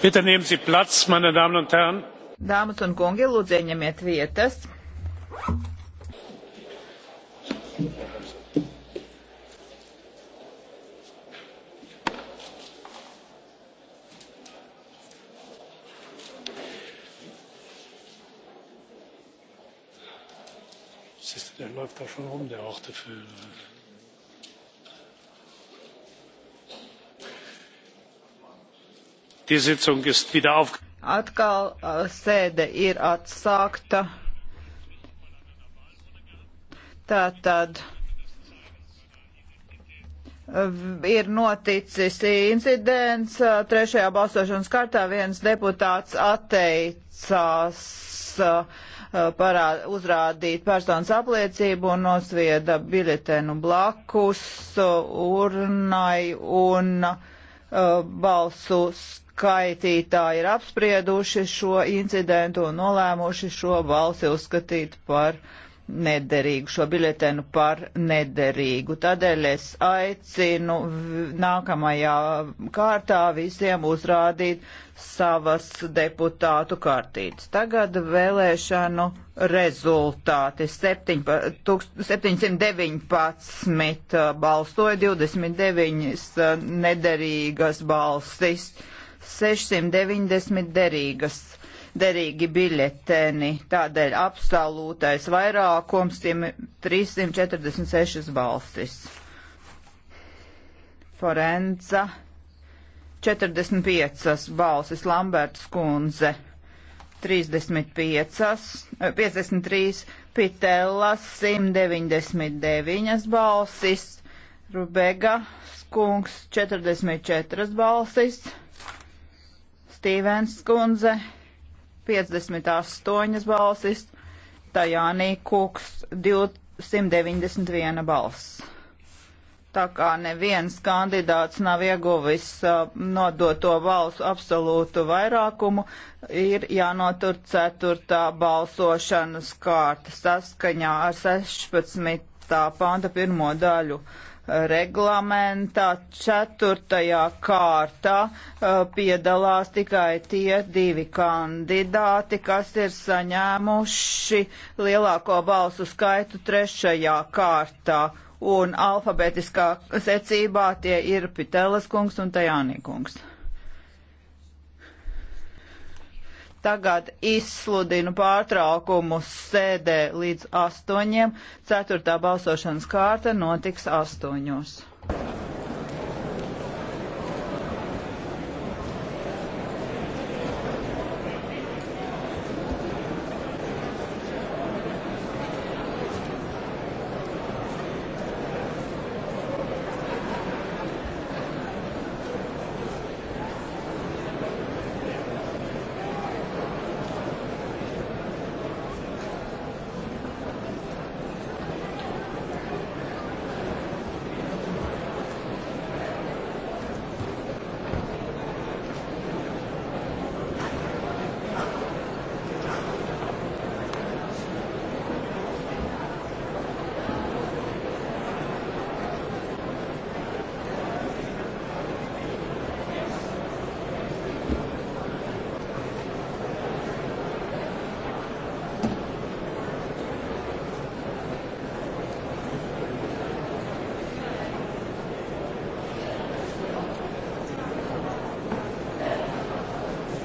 Bitte nehmen Sie Platz, meine Damen und Herren. Dāmas un kungi, lūdzu, ieņemiet vietas. Der läuft da schon rum, der Ortefüller. Atkal äh, sēde ir atsākta. Tātad ir noticis incidents. Trešajā balsošanas kārtā viens deputāts atteicās parā, uzrādīt personas apliecību un nosvieda biļetenu blakus urnai un balsu skaitu skaitītāji ir apsprieduši šo incidentu un nolēmuši šo balsi uzskatīt par nederīgu, šo biļetenu par nederīgu. Tādēļ es aicinu nākamajā kārtā visiem uzrādīt savas deputātu kartītes. Tagad vēlēšanu rezultāti. 7, 719 balsoja, 29 nederīgas balsis. 690 derīgas, derīgi biļeteni. Tādēļ absolūtais vairākums 346 balsis. Forenza 45 balsis, Lamberts kundze 35, 53, Pitellas 199 balsis, Rubega skunks 44 balsis, Stīvens skundze 58 balsis, Tajānī Kuks 291 balss. Tā kā neviens kandidāts nav ieguvis nodoto balsu absolūtu vairākumu, ir jānotur ceturtā balsošanas kārta saskaņā ar 16. panta pirmo daļu reglamentā ceturtajā kārtā uh, piedalās tikai tie divi kandidāti, kas ir saņēmuši lielāko balsu skaitu trešajā kārtā. Un alfabetiskā secībā tie ir Pitelas kungs un Tajānī kungs. Tagad izsludinu pārtraukumu sēdē līdz astoņiem. Ceturtā balsošanas kārta notiks astoņos.